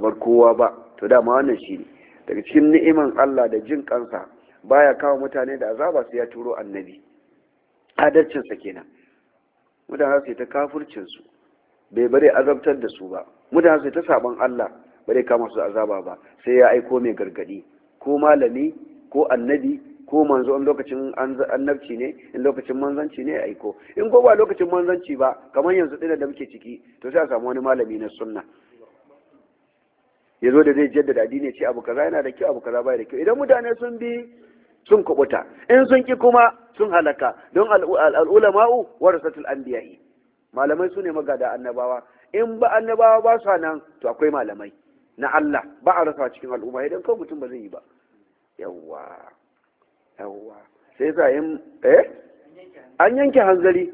bar kowa ba to dama wannan shi ne daga cikin ni'iman Allah da jin kansa baya kawo mutane da azaba sai ya turo annabi adalcinsa kenan mutane su ta su bai bare azabtar da su ba mutane sai ta saban Allah bare kama su azaba ba sai ya aiko mai gargadi ko malami ko annabi ko manzo in lokacin annabci ne in lokacin manzanci ne aiko in ko ba lokacin manzanci ba kamar yanzu ɗin da muke ciki to sai a samu wani malami na sunna ya zo da zai jaddada addini ce abu kaza yana da kyau abu kaza bai da kyau idan mutane sun bi sun kubuta in sun ki kuma sun halaka don al'ulama'u warasatul anbiya'i malamai su ne magada annabawa in ba annabawa ba su nan to akwai malamai na Allah ba a rasa cikin al'umma idan kawai mutum ba zai yi ba yawwa yawwa sai sa yin eh an yanke hanzari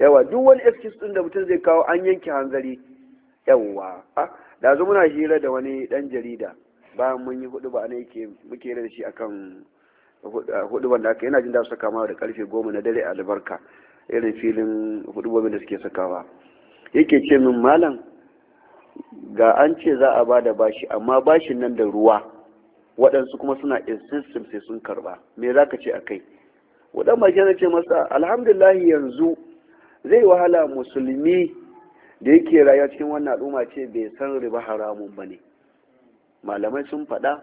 yawa duk wani excuse din da mutum zai kawo an yanke hanzari yawa ah, da zo muna hira da wani dan jarida bayan mun yi hudu ba ne yake muke da shi akan hudu wanda aka yana jin da saka ma da karfe goma na dare a albarka irin filin hudu da suke sakawa yake ce min malam ga an ce za a ba da bashi amma bashin nan da ruwa waɗansu kuma suna insistent sai sun karba me za ka ce a kai waɗan bashi na ce masa alhamdulillah yanzu zai wahala musulmi da yake rayuwa cikin wannan al'umma ce bai san riba haramun ba ne malamai sun faɗa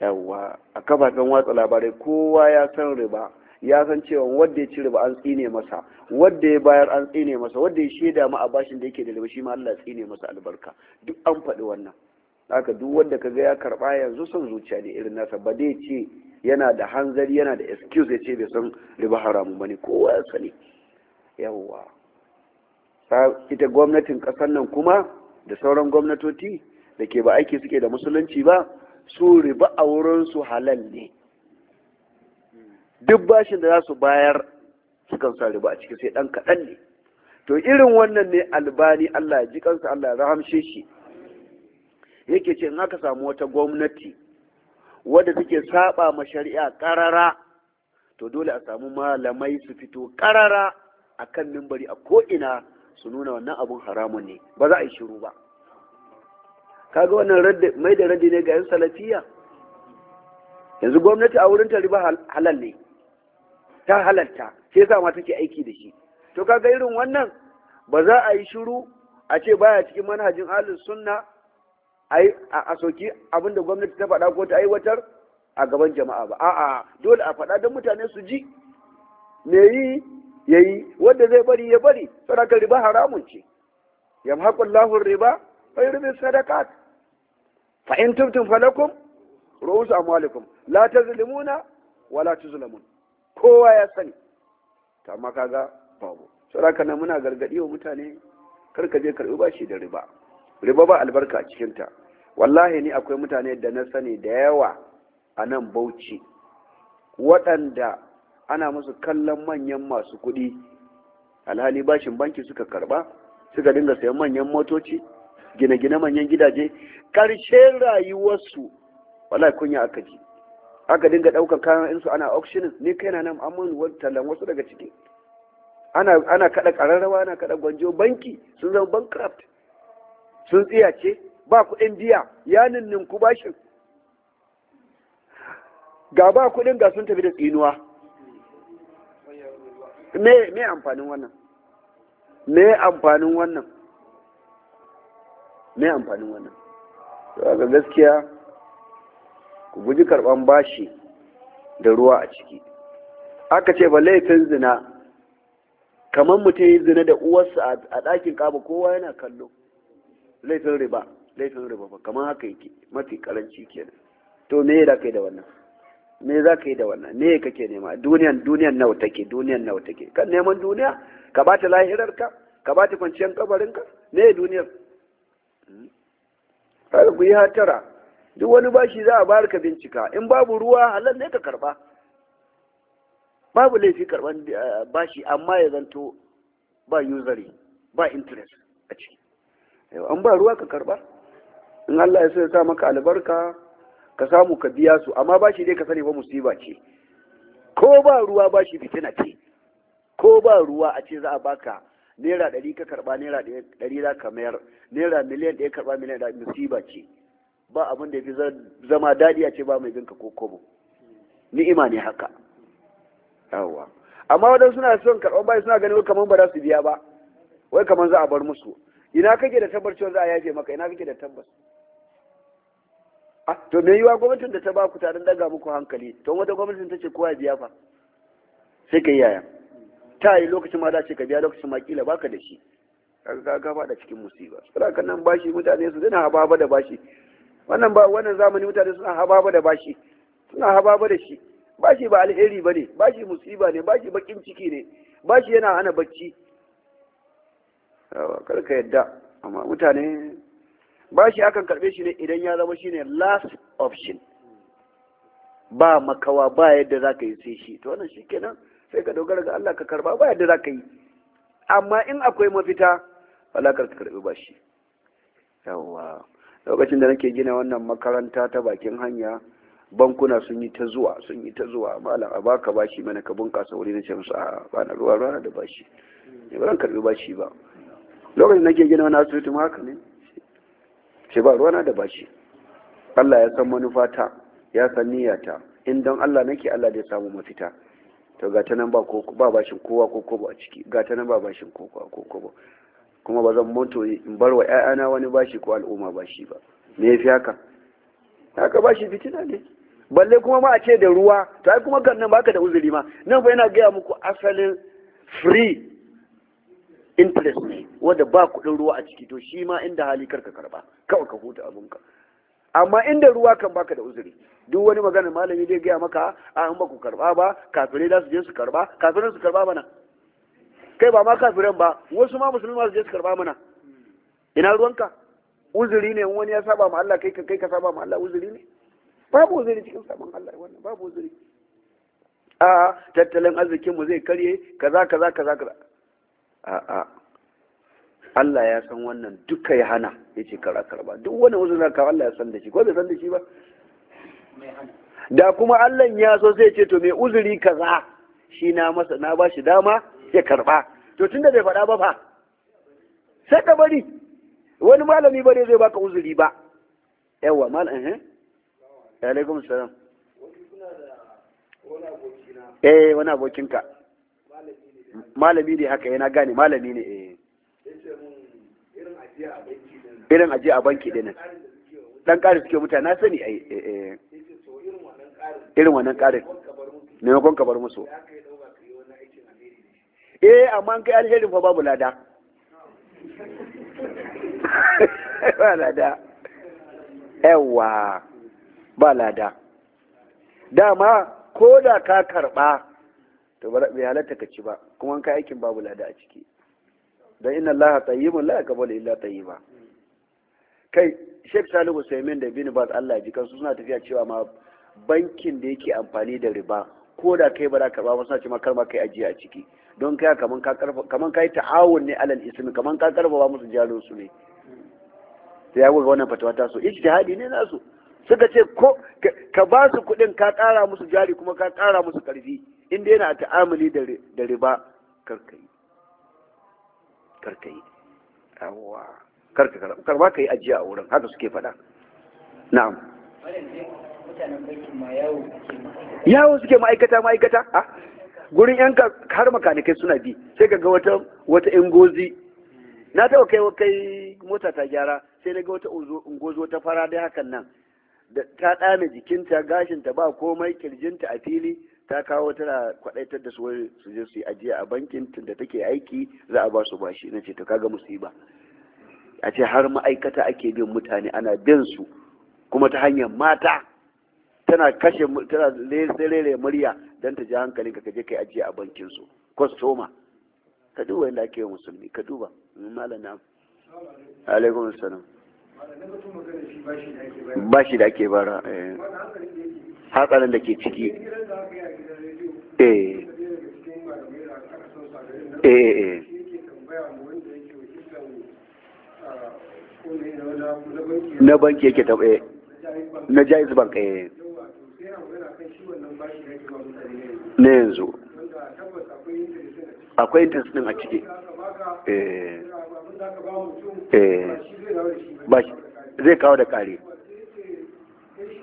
yawa a kafafen watsa labarai kowa ya san riba ya san cewa wanda ya ci riba an tsine masa wanda ya bayar an tsine masa wanda ya shaida ma a bashin da yake da riba shi ma Allah tsine masa albarka duk an faɗi wannan haka duk wanda kaga ya karba yanzu son zuciya ne irin nasa ba dai ce yana da hanzari yana da excuse ya ce bai san riba haramun bane kowa ya sani yawwa ita gwamnatin ƙasar nan kuma da sauran gwamnatoci da ke ba aiki suke da musulunci ba su riba a wurinsu halal ne duk bashin da za su bayar sukan sa riba a ciki sai ɗan kaɗan ne to irin wannan ne albani allah ya ji kansa allah ya rahamshe shi yake ce in aka samu wata gwamnati wadda take saba ma shari'a ƙarara to dole a samu malamai su fito ƙarara a kan mimbari a ko'ina su nuna wannan abun haramun ne ba za a yi shiru ba kaga wannan mai da raddi ne ga yan salafiya yanzu gwamnati a wurin ta riba halal ne ta halalta sai sa ma take aiki da shi to kaga irin wannan ba za a yi shiru a ce baya cikin manhajin alin sunna a soki abinda gwamnati ta faɗa ko ta aiwatar a gaban jama'a ba a'a dole a faɗa don mutane su ji me yi yayi wanda zai bari ya bari sadakar riba haramun ce yamhaqu lahun riba wa sadaka. sadaka fa in falakun rohusu a amwalikum la zulimuna wa la zulamun kowa ya sani ta maka ga babu sadaka na muna gargaɗi wa mutane Karka je je ba bashi da riba riba ba albarka a cikin wallahi ni akwai mutane da na sani da yawa a nan bauchi waɗanda ana musu kallon manyan masu kuɗi alhali bashin banki suka karba suka dinga sayan manyan motoci gine-gine manyan gidaje ƙarshen rayuwarsu wala kunya aka ji aka dinga ɗaukar kayan insu ana auctioning ni na nan an tallan wasu daga ciki ana kaɗa kada kararrawa ana kaɗa gwanjo banki sun zama bankrupt sun tsiyace ba kuɗin biya ya ninninku bashin ga ba kuɗin ga sun tafi da tsinuwa me amfanin wannan me amfanin wannan me amfanin wannan ga gaskiya ku guji karban bashi da ruwa a ciki aka ce ba laifin zina kamar mutum yi zina da uwarsa a ɗakin kaba kowa yana kallo laifin riba laifin riba ba kamar haka yake mafi karanci kenan to me da kai da wannan me za ka yi da wannan me kake nema duniyan duniyan nawa take duniyan nawa take kan neman duniya ka ba ta lahirar ka ka ba ta kwanciyar kabarin ka me duniyar har ku yi hatara duk wani bashi za a bayar ka bincika in babu ruwa halal ne ka karba babu laifi karban eh, bashi amma ya zanto ba usury ba interest a ciki an ba ruwa ka karba in Allah ya so ya sa maka albarka ka samu ka biya su amma bashi dai ka sani ba musiba ce ko ba ruwa bashi fitina ce ko ba ruwa a ce za a baka naira ɗari ka karɓa naira ɗari za ka mayar naira miliyan ɗaya karɓa miliyan ɗaya musiba ce ba abin da ya fi zama daɗi a ce ba mai binka ko kobo ni'ima ne haka yawwa amma wadanda suna son karɓar bayi suna ganin kamar ba za su biya ba wai kamar za a bar musu ina kake da tabbar cewa za a yaje maka ina kake da tabbas to me yiwa gwamnatin da ta ba ku tarin daga muku hankali to wata gwamnatin ta ce kowa biya fa sai ka yi yaya ta yi lokacin ma da ce ka biya lokacin ma kila baka da shi kaga ka da cikin musiba saboda kan nan bashi mutane su dana hababa da bashi wannan ba wannan zamani mutane suna hababa da bashi suna hababa da shi bashi ba alheri bane bashi musiba ne bashi bakin ciki ne bashi yana hana bacci kar ka yadda amma mutane bashi akan karbe shi ne idan ya zama shine last option ba makawa ba yadda za ka yi sai shi to wannan shikenan sai ka dogara ga Allah ka karba ba yadda za ka yi amma in akwai mafita wala ka karbi bashi yawa lokacin da nake gina wannan makaranta ta bakin hanya bankuna sun yi ta zuwa sun yi ta zuwa malam a baka bashi mana ka bunkasa wuri na ce sa ba bana ruwa rana da bashi ne ba zan karbi bashi ba lokacin nake gina wannan asibiti ma haka ne ce ba ruwana da bashi Allah ya san manufata ya san niyyata in don Allah nake Allah zai samu mafita to ga ta nan ba ba bashin kowa ko ko ba ciki ga ta nan ba bashin kowa ko ko ba kuma ba zan manto in bar wa ƴaƴana wani bashi ko al'umma bashi ba me yafi haka haka bashi fitina ne balle kuma ma a ce da ruwa to ai kuma kan nan baka da uzuri ma nan fa yana gaya muku asalin free interest ne wanda ba kuɗin ruwa a ciki to shi ma inda hali karka karba kawai ka huta ka, amma inda ruwa kan baka da uzuri duk wani magana malami zai gaya maka a an baku karba ba kafirai za su je su karba kafirai su karba mana kai ba ma kafiran ba wasu ma musulmi su je su karba mana ina ruwanka uzuri ne wani ya saba ma Allah kai ka kai ka saba ma Allah uzuri ne babu uzuri cikin saban Allah wannan babu uzuri a tattalin arzikin mu zai karye kaza kaza kaza kaza a'a Allah ya san wannan duka ya hana ya ce kara karba duk wani wasu na kawo Allah ya san da shi ko bai san da shi ba da kuma Allah ya so sai ce to mai uzuri kaza shi na masa na ba shi dama ya karba to tunda bai faɗa ba fa sai ka bari wani malami bare zai baka uzuri ba yawa mal eh, eh. alaikum salam eh wani abokinka malami ne haka yana gane malami ne eh irin aje a banki din dan ƙarin suke mutane na sani ai eh, eh, eh. irin wannan ƙarin maimakon ka bar musu eh amma an kai alherin fa babu lada ba lada yawa ba lada dama ko da ka karɓa to bari halatta ka ci ba kuma ka aikin babu lada a ciki don inna allaha tayyibun la yaqbalu illa tayyiba kai Sheikh Salihu Usaimin da Bin bas Allah ji kansu suna tafiya cewa ma bankin da yake amfani da riba ko da kai ba za ka ba suna ce ma kar ma kai ajiya a ciki don kai kaman ka karfa kaman kai ta'awun ne alal ismi kaman ka karfa musu jarin su ne sai ya goga wannan fatawa ta so ijtihadi ne nasu suka ce ko ka ba su kuɗin ka ƙara musu jari kuma ka ƙara musu ƙarfi in dai yana ta'amuli da riba karkayi yi karka yi Kar karka karba ka yi ajiya a wurin haka suke faɗa na'am yawo suke ma'aikata ma'aikata a ah. gurin yanka har makanikai suna bi sai ka ga wata wata ingozi na taɓa kai kai mota ta gyara sai na ga wata ingozi wata fara dai hakan nan da ta ɗame jikinta gashinta ba komai kirjinta a fili ta kawo tana kwadaitar da su wani su je su yi ajiya a bankin tunda take aiki za a ba su bashi na ce to kaga musiba a ce har ma'aikata ake bin mutane ana bin su kuma ta hanyar mata tana kashe tana lere murya don ta ji hankalin ka je kai ajiya a bankin su kwastoma ka duba yadda ake yi musulmi ka duba malam na alaikum assalam ba shi da ake bara hatsarin da ke ciki eh, eh, eh, eh. na banki yake taɓe na jais bank eh na yanzu akwai interest din a ciki eh eh zai kawo da kare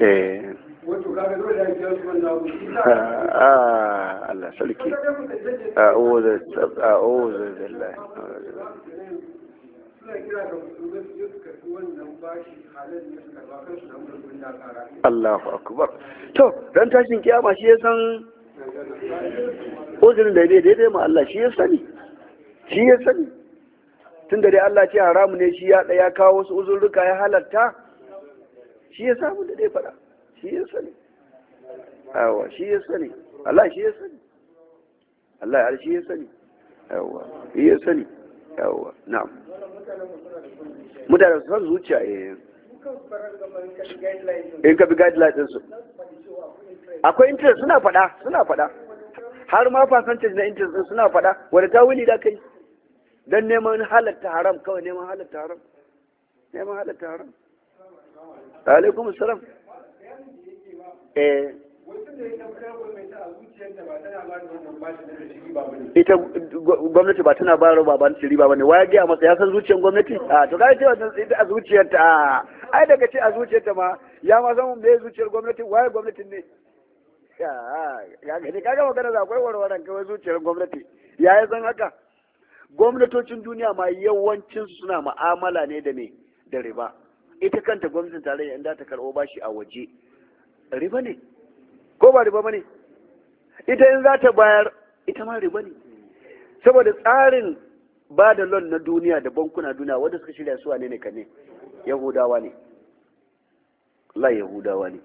Eh. Ah, Allah sarki a'udhu a'udhu billahi Allahu akbar to dan tashin kiyama shi ya san uzurin da bai daidai ma Allah shi ya sani shi ya sani tun da dai Allah ce haramu ne shi ya ya kawo wasu uzurruka ya halatta shi ya samu da dai faɗa shi ya sani Awa shi ya sani Allah shi ya sani Allah ya shi ya sani awa shi ya sani awa na. mutane su san zuciya yi eh. in ka bi guidelines din su akwai interest suna faɗa suna faɗa har ma percentage na interest suna faɗa wadda ta wuli da kai Don neman halatta haram kawai neman halatta haram neman halatta haram alaikum salam eh. ita gwamnati ba tana bayar ba ban riba bane waya ga masa ya san zuciyar gwamnati a ah, to kai cewa ita a zuciyarta a ah, ai daga ce a zuciyarta ma ya ma san me zuciyar gwamnati waya gwamnati ne ya ga kaga magana za akwai warwaran kai zuciyar gwamnati ya ya san haka gwamnatocin duniya ma yawancin suna ma'amala ne da ne da riba ita kanta gwamnatin tarayya in da ta karɓo bashi a waje riba ne ko ba riba ne ita in za ta bayar ita ma riba ne saboda tsarin ba da lon na duniya da bankuna duniya wanda suka shirya su ne ne ka ne yahudawa ne la yahudawa ne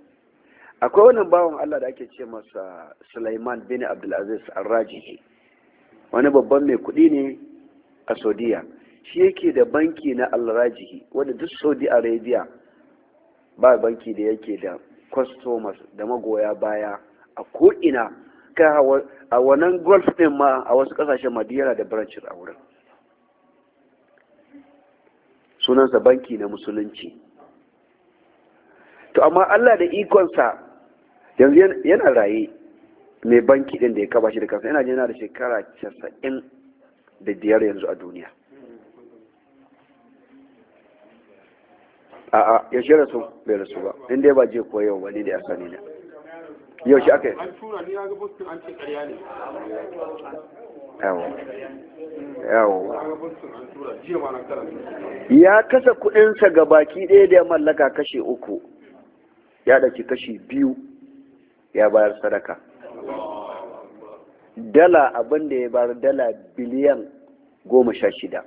akwai wannan bawan Allah da ake ce masa Sulaiman bin Abdulaziz Arrajihi wani babban mai kuɗi ne a Saudiya shi yake da banki na alrajihi wanda duk saudi arabia ba banki da yake da customers da magoya baya a ko'ina ka a wannan golf din ma a wasu kasashen madiyara da branches a wurin sunansa banki na musulunci to amma allah da ikonsa yanzu yana raye mai banki din da ya kaba shi da kansa yana yana da shekara casa'in da biyar yanzu a duniya a'a ya shirya su bai rasu ba in dai ba je ko yau wani da ya sani ne yau shi aka yi ya kasa kudinsa ga baki ɗaya da ya mallaka kashe uku ya ɗauki kashi biyu ya bayar sadaka dala abin da ya bayar dala biliyan goma sha shida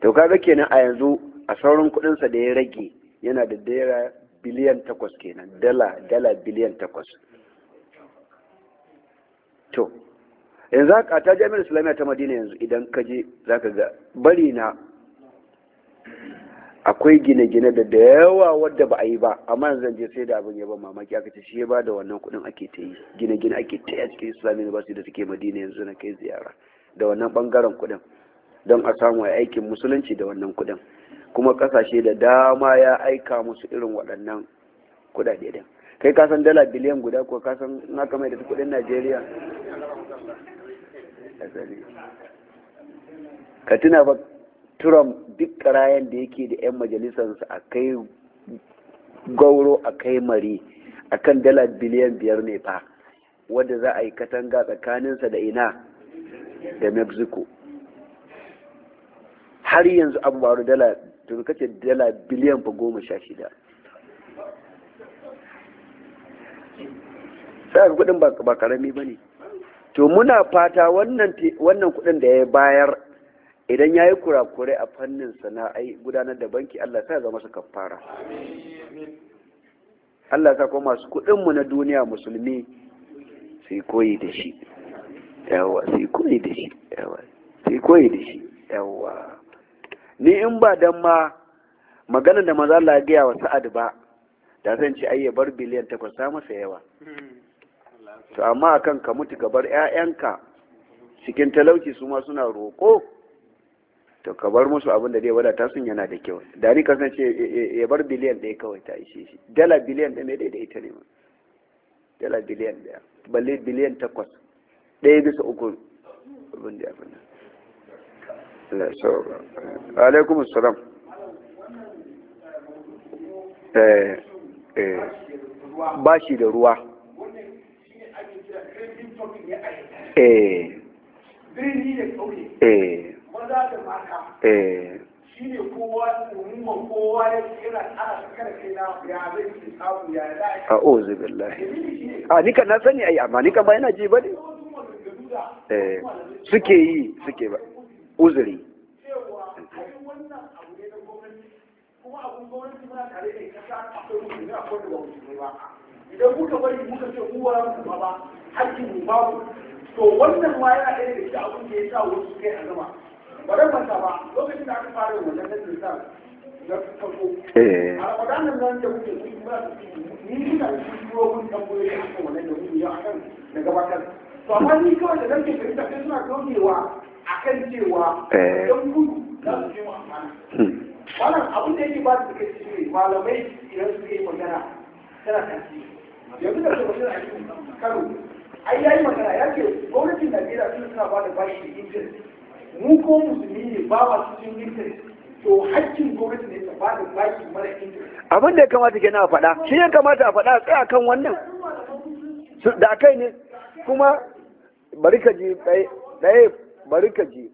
to kaga kenan a yanzu a sauran kuɗinsa da ya rage yana da daira biliyan takwas kenan dala dala biliyan takwas to yanzu a ta jami'ar islamiyya ta madina yanzu idan ka je za ka ga bari na akwai gine-gine da da yawa wadda ba a yi ba amma yanzu zan je sai da abin ya ban mamaki aka ce shi ya ba da wannan kuɗin ake ta yi gine-gine ake ta yi a cikin islamiyya su da suke madina yanzu na kai ziyara da wannan bangaren kuɗin don a samu aikin musulunci da wannan kuɗin kuma kasashe da dama ya aika musu irin waɗannan kudade din kai kasan dala biliyan guda ko kasan na kamar da kudin najeriya ka tuna ba turam duk karayen da yake da 'yan majalisarsa a kai gauro a kai mari a kan dala biliyan biyar ne fa wadda za a yi katanga tsakaninsa da ina da mexico har yanzu abu dala to ka ce dala biliyan fa goma sha shida sai ga kudin ba karami ba ne to muna fata wannan kudin da ya bayar idan ya yi kurakurai a fannin sana'ai gudanar da banki allah sa zama su kafara allah sa kuma masu kudinmu na duniya musulmi su yi koyi da shi yawa su koyi da shi yawa su koyi da shi yawa ni in ba dan ma maganar da maza Allah gaya wa sa'ad ba da zan ci ayya bar biliyan takwas ta masa yawa to amma akan ka mutu ka bar ƴaƴanka cikin talauci su ma suna roƙo to ka bar musu abin da dai wadata sun yana da kyau da ni kasance eh, eh, ya bar biliyan ɗaya kawai ta ishe shi dala biliyan ɗaya ɗaya da ita ne dala biliyan ɗaya balle biliyan takwas ɗaya bisa uku abin da ya fi nan Allah eh, alaikum assalam eh eh da ruwa eh eh eh eh a a'udhu billahi a ah, ni kan na sani amma ni ba yana ji bane eh suke yi suke ba uzuri to wannan ma yana ɗaya da shi abin da ya sa wasu kai a zama ba dan manta ba lokacin da aka fara wannan na farko eh. a ramadanan nan da muke ba ni da shi tambaye a kan wannan da a na gabatar to amma ni kawai da nake ta kai suna kaucewa akan cewa eh. don gudu za su je amfana hmm. wannan abin da yake ba da suka ce malamai idan su yi magana tana kanci yanzu da su bashir aliyu kano ai ya yi magana ya ce gwamnatin najeriya sun suna ba da bashi interest mu ko musulmi ne ba ma cikin interest abin da ya kamata ke a faɗa shi ya kamata a faɗa a kan wannan da kai ne kuma bari ka je ɗaya bari ka ji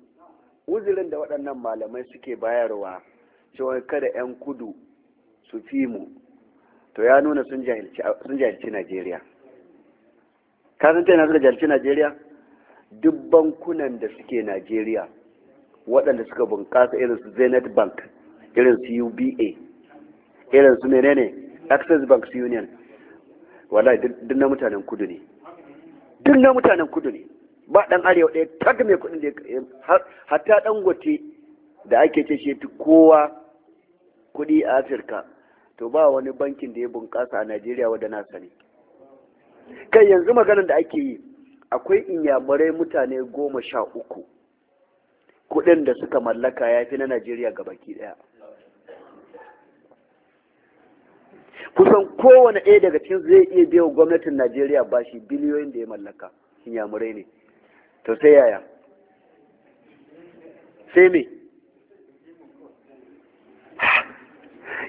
uzurin da waɗannan malamai suke bayarwa cewa kada 'yan kudu su fi mu to ya nuna sun jahilci najeriya ka san yana suka jahilci najeriya duk bankunan da suke najeriya waɗanda suka bunƙasa irin su zenith bank irin su uba irin su menene access bank union wallahi duk na mutanen kudu ne duk na mutanen kudu ne ba ɗan arewa ɗaya tak mai kuɗin da ya hatta dangote da ake ce shi kowa kuɗi a afirka to ba wani bankin da ya bunƙasa a najeriya wadda na sani kai yanzu maganar da ake yi akwai inyamurai mutane goma sha uku kuɗin da suka mallaka ya fi na najeriya ga baki ɗaya kusan kowane ɗaya daga cikin zai iya biyan gwamnatin najeriya bashi biliyoyin da ya mallaka inyamurai ne to sai yaya sai me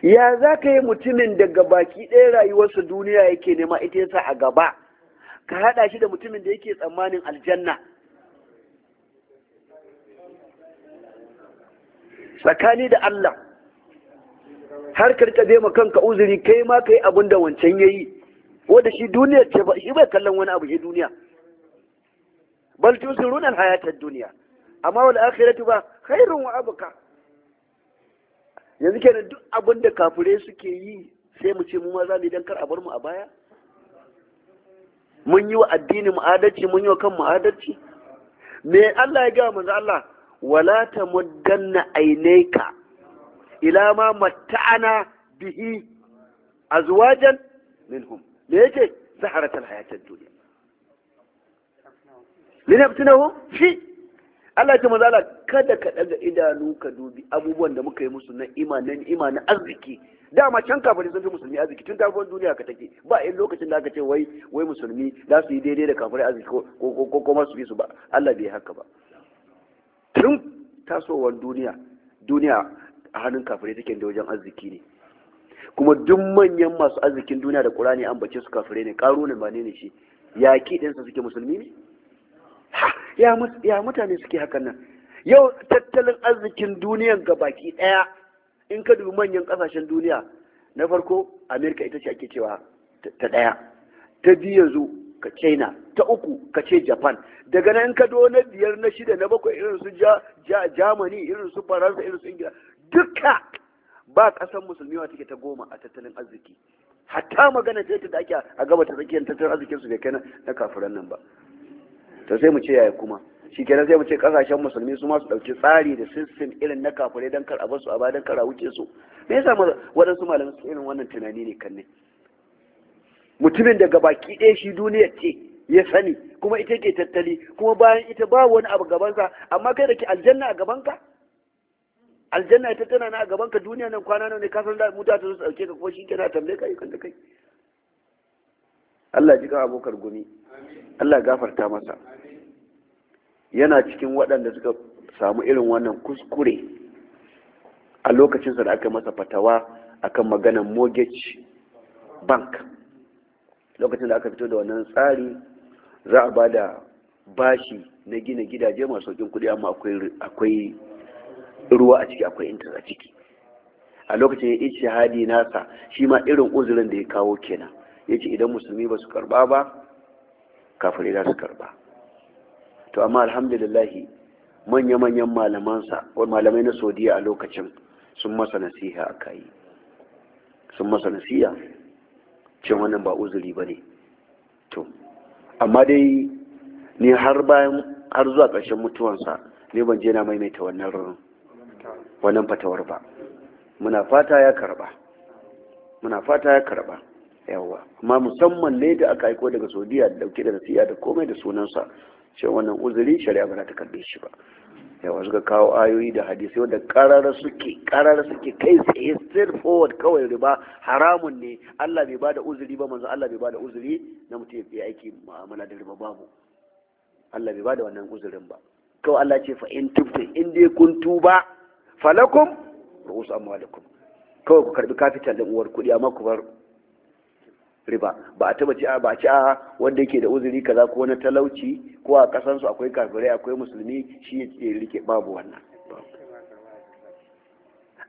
ya za ka yi mutumin daga baki ɗaya rayuwarsa duniya yake nema ita yasa a gaba ka haɗa shi da mutumin da yake tsammanin aljanna tsakani da Allah har karka zai kan ka uzuri kai ma ka yi abin da wancan ya yi wadda shi duniya ce ba shi bai kallon wani abu shi duniya bal tusirun alhayatad duniya amma wal akhiratu ba khairun wa abuka. yanzu kenan duk abin da kafure suke yi sai mu ce mu ma za mu dan kar a bar mu a baya mun yi wa addini mu adalci mun yi wa kan adalci me Allah ya ga manzo Allah wala tamuddanna ainaka ila ma matta'ana bihi azwajan minhum me yake zaharatul hayatid dunya linabtunahu fi Allah ya manzo Allah kada ka daga idanu ka dubi abubuwan da muka yi musu na imanin imanin arziki dama can kafirai sun fi musulmi arziki tun tafiyar duniya ka take ba yin lokacin da aka ce wai wai musulmi za su yi daidai da kafirai arziki ko ko ko su fi su ba Allah bai haka ba tun tasowar duniya duniya a hannun kafirai take da wajen arziki ne kuma duk manyan masu arzikin duniya da Qur'ani an bace su kafirai ne karo ne ba ne shi yaki ɗinsa suke musulmi ne ya mutane suke hakan nan yau tattalin arzikin duniyan ga baki ɗaya in ka dubi manyan ƙasashen duniya na farko amerika ita ce ake cewa ta ɗaya ta biyu yanzu ka china ta uku ka ce japan daga nan ka do na biyar na shida na bakwai irin su germany irin su faransa irin su ingila duka ba kasan musulmi wa take ta goma a tattalin arziki hatta magana ce da ake a gaba ta tsakiyar tattalin arzikin su bai kai na kafiran nan ba to sai mu ce yaya kuma shi kenan sai mu ce kasashen musulmi su ma su ɗauki tsari da sistem irin na kafure don kar a basu a ba don kar a wuce su me yasa waɗansu malamai su irin wannan tunani ne kan ne mutumin daga baki ɗaya shi duniya ce ya sani kuma ita ke tattali kuma bayan ita ba wani abu gabansa amma kai da ke aljanna a gaban ka? aljanna ita tana na a ka? duniya nan kwana nan ne ka san da mu ta zo su ɗauke ka kuma shi kenan tambaye ka ayyukan da kai Allah ji kan abokar gumi Allah gafarta masa yana cikin waɗanda suka samu irin wannan kuskure a lokacinsa da aka masa fatawa akan maganan mortgage bank lokacin da aka fito da wannan tsari za a ba da bashi na gina gidaje masu saukin kuɗi amma akwai ruwa a ciki akwai intanet a ciki a lokacin ya ishe hadi nasa shi ma irin uzurin da ya kawo kenan ya ce idan musulmi ba su karba ba kafirai za su karba to amma alhamdulillah manya-manyan malamansa malamai na saudiya a lokacin sun masa nasiha a kayi sun masa nasiha cin wannan ba uzuri ba ne to amma dai ni har bayan har zuwa ƙarshen mutuwansa ne ban je na maimaita wannan wannan fatawar ba muna fata ya karba muna fata ya karba yawa amma musamman ne da aka aiko daga saudiya da dauke da nasiha da komai da sunansa cewa wannan uzuri shari'a ba ta karbe shi ba yawa suka kawo ayoyi da hadisai wanda karara suke karara suke kai tsaye straight forward kawai riba haramun ne Allah bai bada uzuri ba manzo Allah bai bada uzuri na mutum ya aiki mu'amala da riba babu Allah bai bada wannan uzurin ba kawai Allah ce fa in tubtu in dai kun tuba falakum ru'us amwalikum kawai ku karbi kafitan din uwar kuɗi amma ku bar riba ba a taba ci ba ci a wanda yake da uzuri kaza ko na talauci ko a kasan su akwai kafirai akwai musulmi shi ya rike babu wannan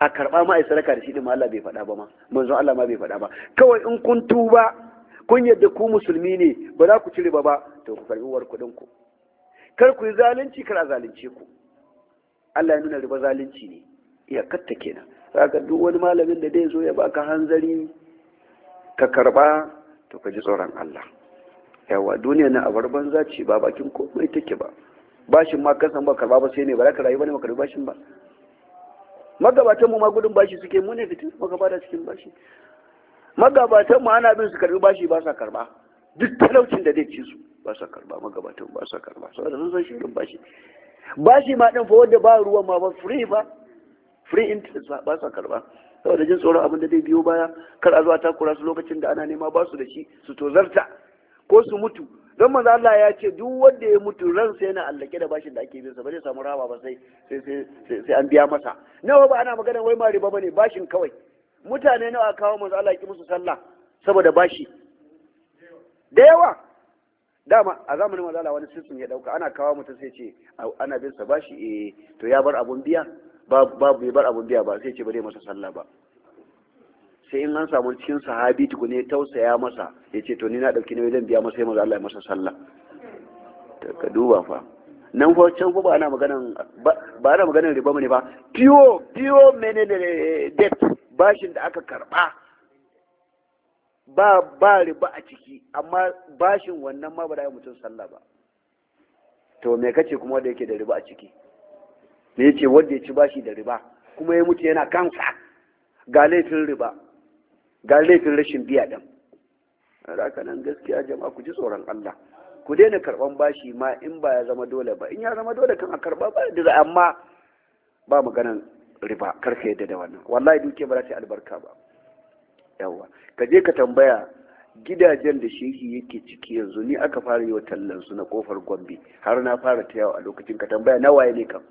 a karba ma ai sadaka da shi din Allah bai faɗa ba ma manzon Allah ma bai faɗa ba kawai in kun tuba kun yadda ku musulmi ne ba za ku ci riba ba to ku karbi war kudin ku kar ku yi zalunci kar a zalunce ku Allah ya nuna riba zalunci ne katta kenan kaga duk wani malamin da zai zo ya baka hanzari ka karba to ka ji tsoron Allah yawa duniya na abar banza ce ba bakin komai take ba bashin ma kasan ba karba ba sai ne ba za ka rayu bane makarbi bashin ba magabatan mu ma gudun bashi suke mu ne fitin muka bada cikin bashi magabatan mu ana bin su karbi bashi ba sa karba duk talaucin da zai ci su ba sa karba magabatan ba sa karba saboda sun san shirin bashi bashi ma din fa wanda ba ruwan ma ba free ba free interest ba sa karba saboda jin tsoron abin da zai biyo baya kar a zuwa takura su lokacin da ana nema ba su da shi su tozarta ko su mutu don Maza Allah ya ce duk wanda ya mutu ransa yana allake da bashin da ake bin sa ba zai samu rawa ba sai sai an biya masa nawa ba ana magana wai ma riba bane bashin kawai mutane nawa kawo maza Allah ki musu sallah saboda bashi da yawa dama a zamanin Maza Allah wani sisin ya dauka ana kawo mutum sai ce ana bin sa bashi eh to ya bar abun biya babu ya bar abun biya ba sai ce ba zai masa sallah ba sai in an samu cikin sahabi tukune tausaya masa ya ce to ni na ɗauki nauyi zan biya masa sai maza Allah ya masa sallah ka duba fa nan fa can fa ba ana maganan ba ana maganan riba ne ba piyo piyo ne debt bashin da aka karba ba ba riba a ciki amma bashin wannan ma ba da mutum sallah ba to me kace kuma da yake da riba a ciki da ya ce wanda ya ci bashi da riba kuma ya mutu yana kansa ga laifin riba ga laifin rashin biya ɗan haka nan gaskiya jama'a ku ji tsoron Allah ku daina karɓan bashi ma in ba ya zama dole ba in ya zama dole kan a karɓa ba da amma ba maganan riba karfe yadda da wannan wallahi duke ba za ta albarka ba yawa ka je ka tambaya gidajen da shehi yake ciki yanzu ni aka fara yi wa tallansu na kofar gombe har na fara ta yawa a lokacin ka tambaya nawaye ne kan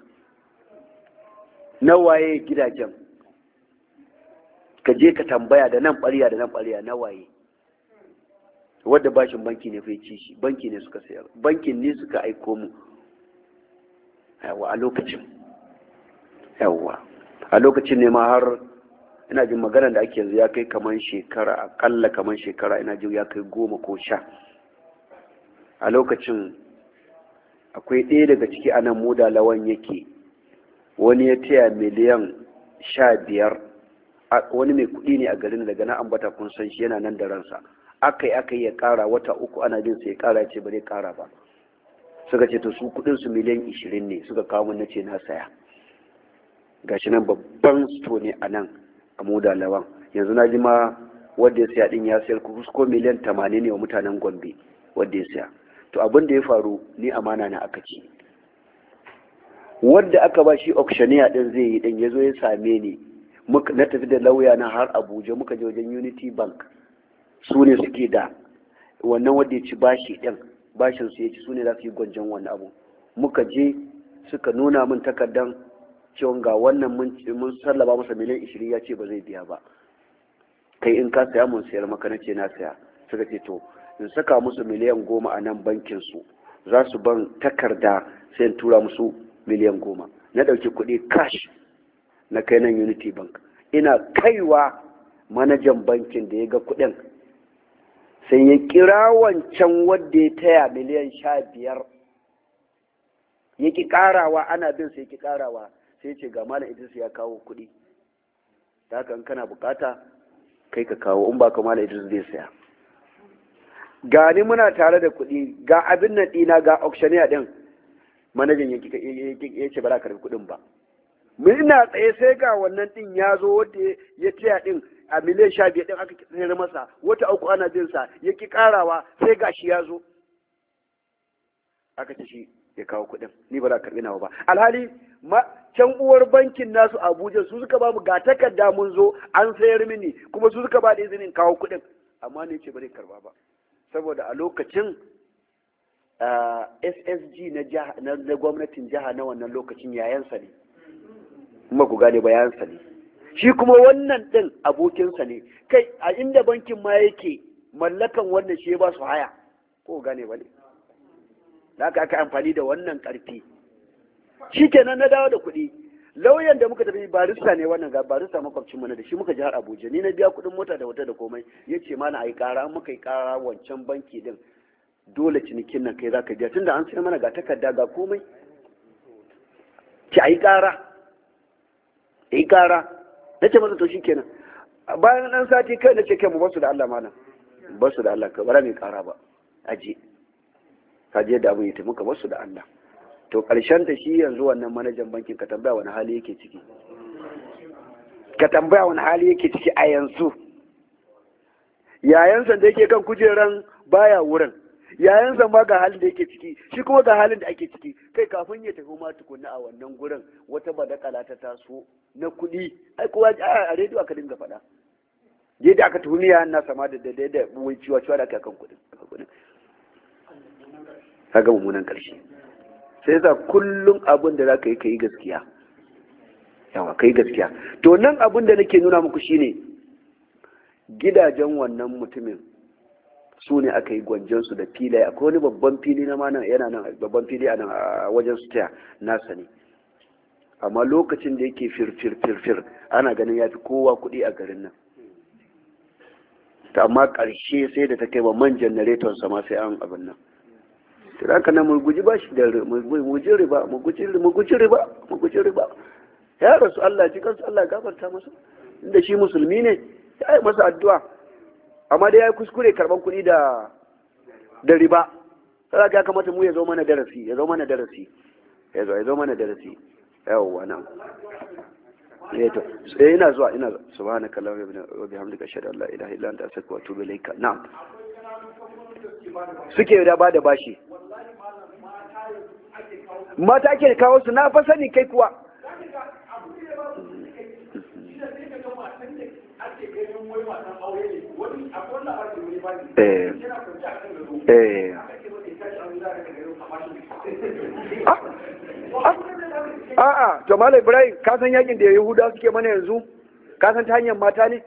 nawaye waye gidajen ka je ka tambaya da nan ɓarya da nan ɓarya na waye wadda bashin banki ne fa ci shi banki ne suka sayar bankin ne suka aiko mu yawa a lokacin yawa a lokacin ne ma har ina jin magana da ake yanzu ya kai kaman shekara akalla kamar shekara ina jin ya kai goma ko sha a lokacin akwai ɗaya daga ciki anan moda lawan yake wani ya taya miliyan sha biyar wani mai kuɗi ne a garin daga na ambata kun san shi yana nan da ransa aka yi aka yi ya kara wata uku ana jinsa ya kara ce ba kara ba suka ce to su kuɗinsu su miliyan ishirin ne suka kawo na ce na saya gashi nan babban sto ne a nan a muda lawan yanzu na ji ma wanda ya saya din ya sayar ku, ko miliyan tamanin ne wa mutanen gombe wanda ya saya to abin da ya faru ni amana na aka ci wadda aka ba shi auctioneer din zai yi din yazo ya same ni na tafi da lauya na har abuja muka je wajen unity bank su ne suke da wannan wadda ya ci bashi din bashin su ya ci su ne za su yi gwanjan wani abu muka je suka nuna min takardan cewa ga wannan mun sallaba masa miliyan ishirin ya ba zai biya ba kai in ka saya mun sayar maka nace na saya suka ce to in saka musu miliyan goma a nan bankin su za su ban takarda sai in tura musu miliyan goma na ɗauki kuɗi cash na kai nan unity bank ina kaiwa manajan bankin da ya ga kuɗin sai ya kira wancan wadda ya taya miliyan sha biyar ya ki ƙarawa ana bin sai ya ki ƙarawa sai ce ga malam idris ya kawo kuɗi ta haka in kana bukata kai ka kawo in ba ka malam idris zai saya gani muna tare da kuɗi ga abin nan ɗina ga auctioneer ɗin manajan ya ce ba za karbi kuɗin ba Mun ina tsaye sai ga wannan din ya zo wanda ya taya din a miliyan sha biyar din aka tsayar masa wata uku ana bin sa ya ki karawa sai ga shi ya zo aka ce shi ya kawo kuɗin ni ba za karɓi nawa ba alhali can uwar bankin nasu abuja su suka ba mu ga takarda mun zo an sayar mini kuma su suka ba da izinin kawo kuɗin amma ne ce ba zai karba ba saboda a lokacin Eh, ssg na gwamnatin jiha na wannan lokacin yayansa ne kuma ku gane ba yayansa ne shi kuma wannan ɗin abokinsa ne kai a inda bankin ma yake mallakan wannan shi ba su haya ko gane ba ne da aka aka amfani da wannan ƙarfi shi kenan na dawo da kuɗi lauyan da muka tafi barista ne wannan ga barista makwabcin mana da shi muka jihar abuja ni na biya kuɗin mota da wata da komai ya ce mana a yi ƙara an muka yi ƙara wancan banki din dole cinikin nan kai za ka biya da an sai mana ga takarda ga komai ki ayi ƙara ayi ƙara na ce masa to shi kenan bayan ɗan sati kai na ce kai mu basu da Allah malam basu da Allah ka bara mai ƙara ba aje ka je da abin ya taimaka basu da Allah to ƙarshen ta shi yanzu wannan manajan bankin ka tambaya wani hali yake ciki ka tambaya wani hali yake ciki a yanzu yayansa da yake kan kujeran baya wurin yayan zamba ga halin da yake ciki shi kuma ga halin da ake ciki kai kafin ya tafi ma tukunna a wannan gurin wata badakala ta taso na kuɗi ai kowa a rediyo aka dinga faɗa yadda aka tuhumi yayan na sama da da da buwai ciwa ciwa da aka kan kuɗin ka ga mummunan ƙarshe sai za kullum abin da za ka yi ka yi gaskiya yawa ka yi gaskiya to nan abin da nake nuna muku shine gidajen wannan mutumin su ne aka yi gwanjansu da filaye akwai wani babban fili na manan yana nan babban fili a a wajen su taya nasa ne amma lokacin da yake firfirfirfir ana ganin ya fi kowa kuɗi a garin nan ta amma ƙarshe sai da ta kai wa man janareton sama sai an abin nan tun nan mu guji ba shi da mu guji riba mu riba mu guji riba ya rasu Allah ji kansu Allah gafarta masa inda shi musulmi ne ya yi masa addu'a amma dai ya yi kuskure karban kuɗi da da riba sai ya kamata mu ya zo mana darasi ya zo mana darasi ya zo ya zo mana darasi yawwa nan eh to sai eh, ina zuwa ina subhanaka allahumma wa bihamdika ashhadu an la ilaha illa anta astaghfiruka wa atubu ilayka na'am suke da ba da bashi mata ke kawo su na fa sani kai kuwa ake ganin Eh. Eh. a'a ah, ah, ah. to malam ibrahim ka san yakin da yahuda suke mana yanzu ka san ta hanyar mata ne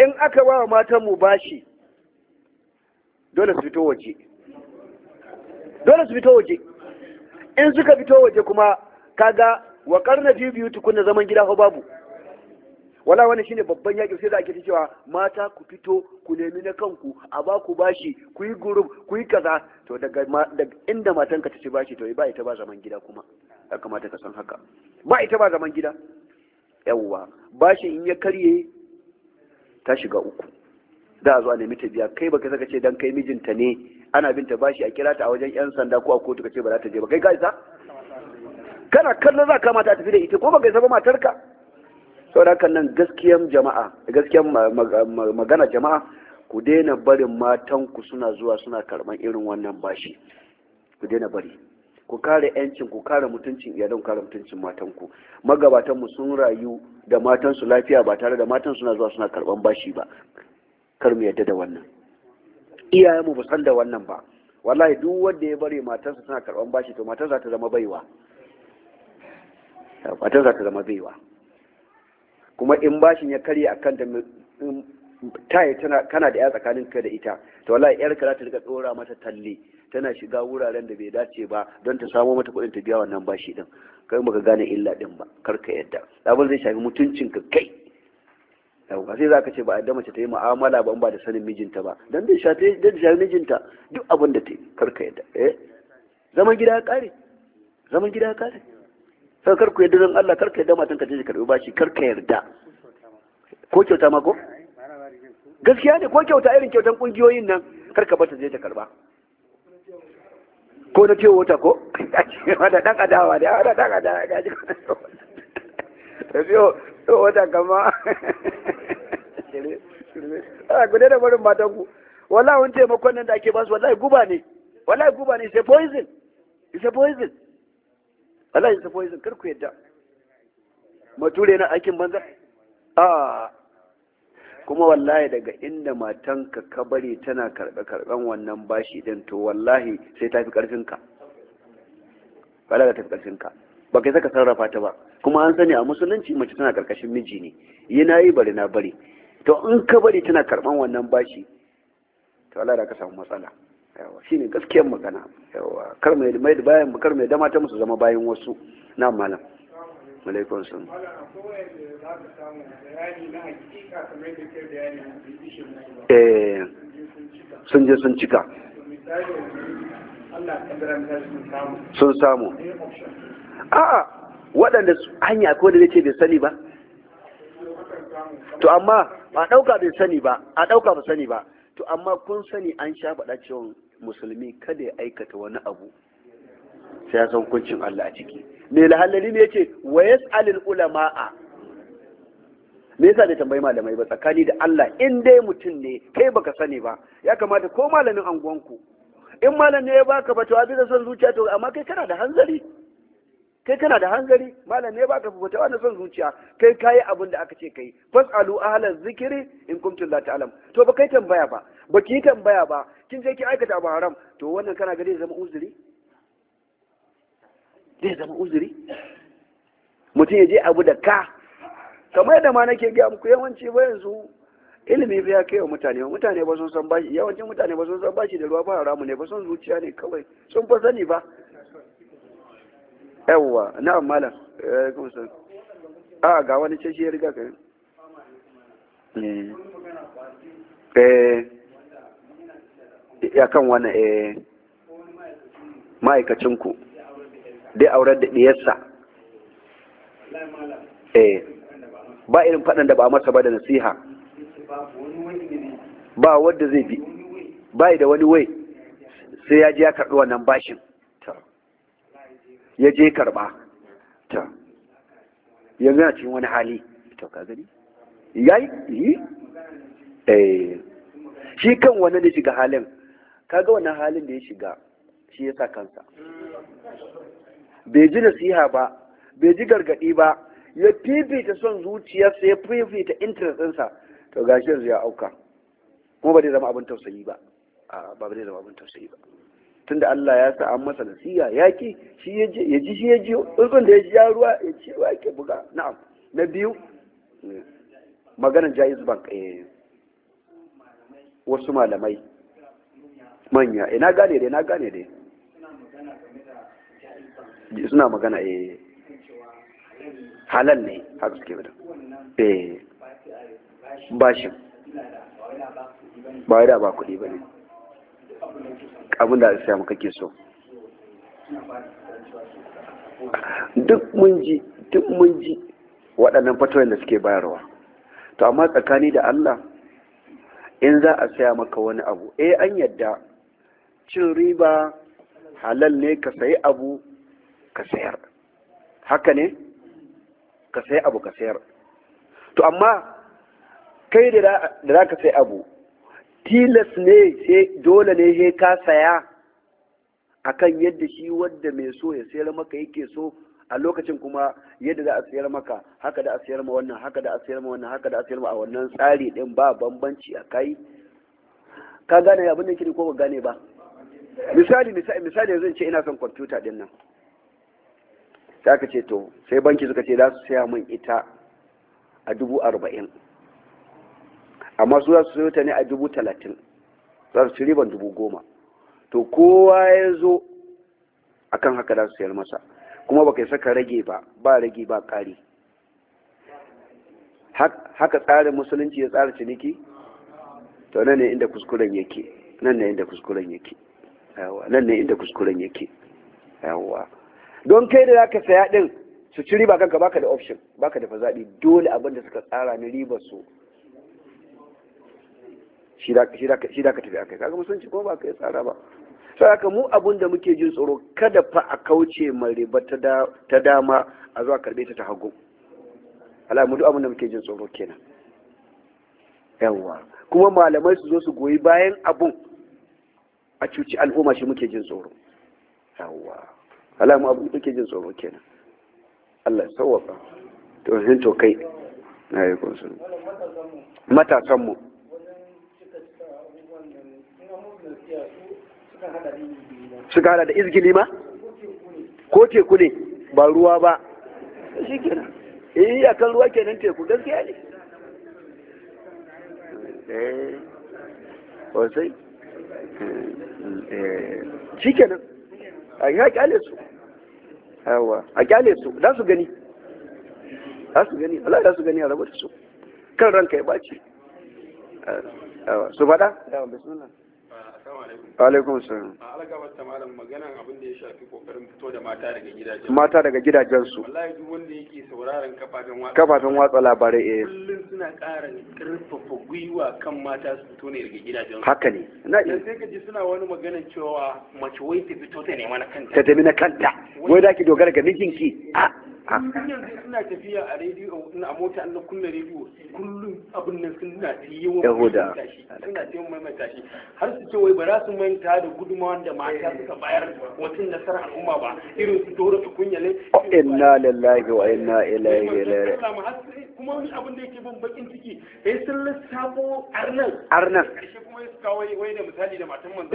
in aka ba wa matan mu bashi dole su fito waje dole su fito waje in suka fito waje kuma kaga wa karna biyu biyu tukunna zaman gida ko babu wala wani shine babban yaƙi sai da ake cewa mata ku fito ku nemi na kanku a ba ku bashi ku yi gurub ku yi kaza to daga inda matan ta tace bashi to ba ita ba zaman gida kuma ya kamata ka san haka ba ita ba zaman gida yawwa bashi in ya karye ta shiga uku da a zo a nemi ta biya kai baka saka ce dan kai mijinta ne ana bin ta bashi a kira ta a wajen yan sanda ko a kotu ka ce ba za ta je ba kai ka isa kana kallon za ka mata tafi da ita ko baka isa ba matarka saboda nan gaskiyan jama'a gaskiyan magana jama'a ku daina barin matanku suna zuwa suna karɓar irin wannan bashi ku daina bari ku kare yancin ku kare mutuncin iyalan ku kare mutuncin matanku magabatanmu sun rayu da matansu lafiya ba tare da matan suna zuwa suna karɓar bashi ba kar mu yadda da wannan iyayenmu ba san da wannan ba wallahi duk wanda ya bari matansa suna karɓar bashi to matansa ta zama baiwa matansa ta zama baiwa kuma in bashin ya karye a kanta taye tana kana da ya tsakanin ka da ita to wallahi yar ka ta rika dora mata talle tana shiga wuraren da bai dace ba don ta samo mata kuɗin ta biya wannan bashi din kai baka gane illa din ba kar ka yadda abin zai shafi mutuncin ka kai yawwa sai zaka ce ba a mace ta yi mu'amala ba ba da sanin mijinta ba dan da shafi dan shafi mijinta duk abin da ta yi kar ka yadda eh zaman gida ya kare zaman gida ya kare sai karku yadda don Allah karka yadda matan ka jiji karbi bashi karka yarda ko kyauta ma ko gaskiya ne ko kyauta irin kyautan kungiyoyin nan karka bata je ta karba ko na cewa wata ko da dan adawa da da dan adawa ga ji ko wata kama a guda da barin matan ku wallahi wani taimakon nan da ake basu wallahi guba ne wallahi guba ne sai poison sai poison Allah ya sa poison kar ku yadda mature na aikin banza a kuma wallahi daga inda matanka ka bari tana karɓe karɓen wannan bashi din to wallahi sai tafi karfin ka balaga tafi karfin ka ba kai saka sarrafa ta ba kuma an sani a musulunci mace tana karkashin miji ne yana yi bari na bari to in ka bari tana karɓen wannan bashi to Allah da ka samu matsala yawa shine gaskiyar magana yawa kar mai mai da bayan kar mai dama ta musu zama bayan wasu na malam alaikum sun eh sun je sun cika sun samu a'a waɗanda hanya ko da ce bai sani ba to amma ba ɗauka bai sani ba a ɗauka ba sani ba to amma kun sani an sha faɗa cewa musulmi kada ya aikata wani abu sai ya san hukuncin Allah a ciki me lahallali ne yace wa yas'alul ulama'a me yasa da tambayi malamai ba tsakani da Allah in dai mutum ne kai baka sani ba ya kamata ko malamin anguwanku in malam ne ya baka fatawa bisa son zuciya to amma kai kana da hanzari kai kana da hanzari malam ne ya baka fatawa na son zuciya kai kayi abin da aka ce kai fasalu ahalar zikiri in kuntum la ta'lam to ba kai tambaya ba ba ki yi tambaya ba kin je ki aikata abu haram to wannan kana ga zai zama uzuri zai zama uzuri mutum ya je abu da ka kamar yadda ma nake gaya muku yawanci ba yanzu ilimi ya kai wa mutane mutane ba sun san bashi yawancin mutane ba sun san bashi da ruwa ba haramu ne ba sun zuciya ne kawai sun fa sani ba yawwa na'am malam eh, alaikum salam a ga wani ce shi ya riga kai eh eh ya kan wani eh, ma'aikacinku dai aurar da ɗiyarsa eh, ba irin faɗan da ba masa ba da nasiha ba wadda zai bi ba da wani wai sai ya je ya karɓi wannan bashin ya je karɓa yanzu yana cikin wani hali ya yi eh. shi kan wani ne shiga halin kaga wannan halin da ya shiga shi ya sa kansa bai ji nasiha ba bai ji gargadi ba ya fifita son zuciyarsa ya fifita interest to gashi yanzu ya auka kuma ba zai zama abin tausayi ba ba zai zama abin tausayi ba tunda Allah ya sa an masa nasiha ya ki shi ya ji shi ya ji tsuntsun da ya ji ya ruwa ya ce wa ke buga na'am na biyu maganar jaiz bank eh, wasu malamai manya ina eh, gane dai na gane dai suna magana a eh. halal ne haka suke bada eh. bashin ba da ba kuɗi ba ne abin da sai mu kake so duk mun ji duk mun ji waɗannan fatoyin da suke bayarwa to amma tsakani da Allah in za a saya maka wani abu eh an yadda cin riba halal ne ka sayi abu ka sayar haka ne ka sayi abu ka sayar to amma kai da za ka sayi abu tilas ne sai dole ne sai ka saya akan yadda shi wadda mai so ya sayar maka yake so a lokacin kuma yadda za a sayar maka haka da a sayar ma wannan haka da a sayar ma wannan haka da a sayar ma a wannan tsari din ba bambanci a kai ka gane abin da kiri ko ba gane ba misali misali Misali yanzu ce ina son kwamfuta din nan sai ka ce to sai banki suka ce za su saya min ita a dubu arba'in amma su za su sayo ta ne a dubu talatin za su ci riban dubu goma to kowa ya zo a kan haka za su sayar masa kuma ba kai saka rage ba ba rage ba ƙari haka tsarin musulunci ya tsara ciniki to nan ne inda kuskuren yake nan ne inda kuskuren yake yawa nan ne inda kuskuren yake yawa don kai da zaka saya din su ci riba kanka baka da option baka da fazaɗi dole abin da suka tsara ni riba su shi da ka tafi akai kaga musulunci kuma ba ka yi tsara ba saboda mu abun da muke jin tsoro kada fa a kauce ma riba ta dama a zuwa karbe ta ta hagu ala mu duk abun da muke jin tsoro kenan yawwa kuma malamai su zo su goyi bayan abun a cuci al'umma shi muke jin tsoro yawwa alamu abu muke jin tsoro kenan Allah ya sawwaka to hin to kai na yi kunsun. Matasanmu. mu suka hada da izgili ma ko teku ne ba ruwa ba shi kenan eh kan ruwa kenan teku gaskiya ne eh wasai eh. Eh, shi kenan a ya kyale su yawa a kyale su za su gani za su gani Allah za su gani a rabu da su kan ranka ya baci su faɗa yawa bismillah alaikum salam a malam maganan abin da ya shafi kokarin fito da mata daga gidajen mata daga gidajen su wallahi duk wanda yake sauraron kafafen watsa labarai eh suna ƙara ƙarfafa gwiwa kan mata su fito ne daga gidajen haka ne na iya sai ka ji suna wani magana cewa mace wai ta fito ta nema na kanta ta tafi na kanta wai da ki dogara ga mijinki a kullum yanzu suna tafiya a rediyo a mota an kunna rediyo kullum abin nan suna ta wa yahuda suna ta maimaita shi har su ce wai ba za su manta da gudunmawar da mata suka bayar wata nasara al'umma ba irin su su kunya ne inna lillahi wa inna ilaihi raji'un kuma wani abin da yake bakin ciki sun lissafo arnan arnan kuma ya kawo wai da misali da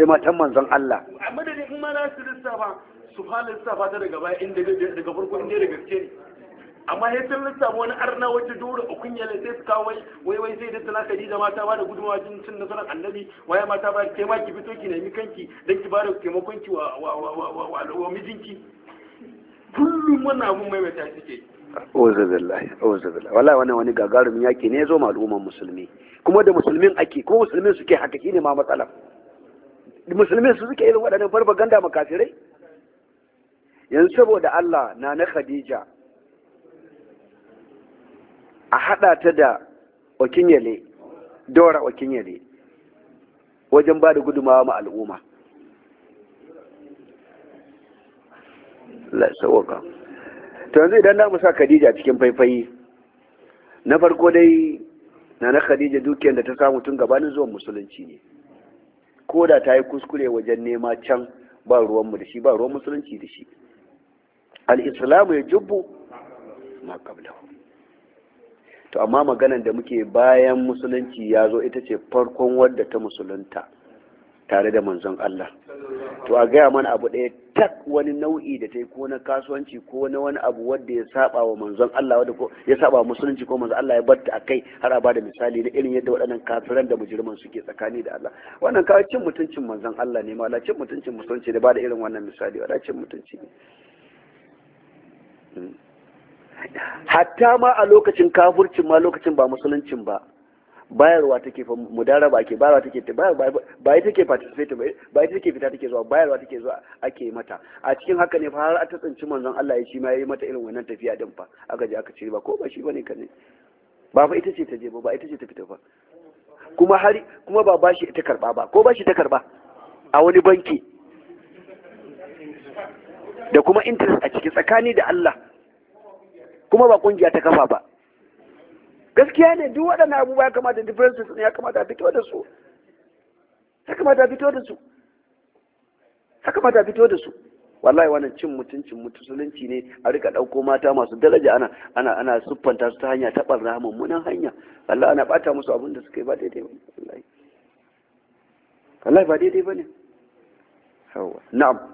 matan manzon Allah madadin ma na su lissafa su fara lissafa ta daga baya inda daga farko inda da gaske ne amma sai sun lissafa wani arna wacce dora a kunyala ne sai su kawo wai wai sai da tana kadi da mata ba da gudunmawa jin cin nasarar annabi waye mata ba ke ma ki fito ki nemi kanki dan ki ba da taimakon ki wa wa wa wa mijinki kullum wannan abun mai mata suke auzu billahi auzu billahi wala wannan wani gagarumin yaki ne zo ma al'umman musulmi kuma da musulmin ake kuma musulmin suke haka shine ma matsalar musulmin su suke irin waɗannan farfaganda makafirai yanzu saboda Allah na na Khadija a haɗa ta da wakinyale daura wakinyale wajen ba da gudumawa ma al'umma sauwaka to yanzu idan namu sa Khadija cikin faifayi na farko dai na na Khadija dukiyar da ta samu tun gabanin zuwan musulunci ne ko da ta yi kuskure wajen nema can ba ruwanmu da shi ba ruwan musulunci da shi Al'islamu ya jubbu ma qablahu to amma maganan da muke bayan musulunci ya zo ita ce farkon wadda ta musulunta tare da manzon Allah to a gaya mana abu ɗaya tak wani nau'i da ta yi ko na kasuwanci ko na wani abu wadda ya saba wa manzon Allah wadda ya saba musulunci ko manzon Allah ya batta a kai har a bada misali na irin yadda waɗannan kafiran da mujirman suke tsakani da Allah wannan kawai cin mutuncin manzon Allah ne ma cin mutuncin musulunci da bada irin wannan misali wadda cin mutunci ne hatta ma a lokacin kafurcin ma lokacin ba musuluncin ba bayarwa take fa ba ake bayarwa take ta ba ita take participate ba ita take fita take zuwa bayarwa take zuwa ake mata a cikin haka ne fa har ta tsinci manzon Allah ya shi ma yayi mata irin wannan tafiya din fa aka je aka ce ba ko ba shi bane kane ba fa ita ce ta je ba ba ita ce ta fita ba kuma har kuma ba bashi ita karba ba ko bashi ta karba a wani banki da kuma interest a ciki tsakani da Allah kuma ba kungiya ta kafa ba gaskiya ne duk waɗannan abubuwa ya kamata differences ne ya kamata a fito da su ya kamata a fito da su ya kamata a fito da su wallahi wannan cin mutuncin musulunci ne a rika ɗauko mata masu daraja ana ana ana siffanta su ta hanya ta ɓarna mummunan hanya Allah ana ɓata musu abin da suka yi ba daidai ba wallahi wallahi ba daidai ba ne na'am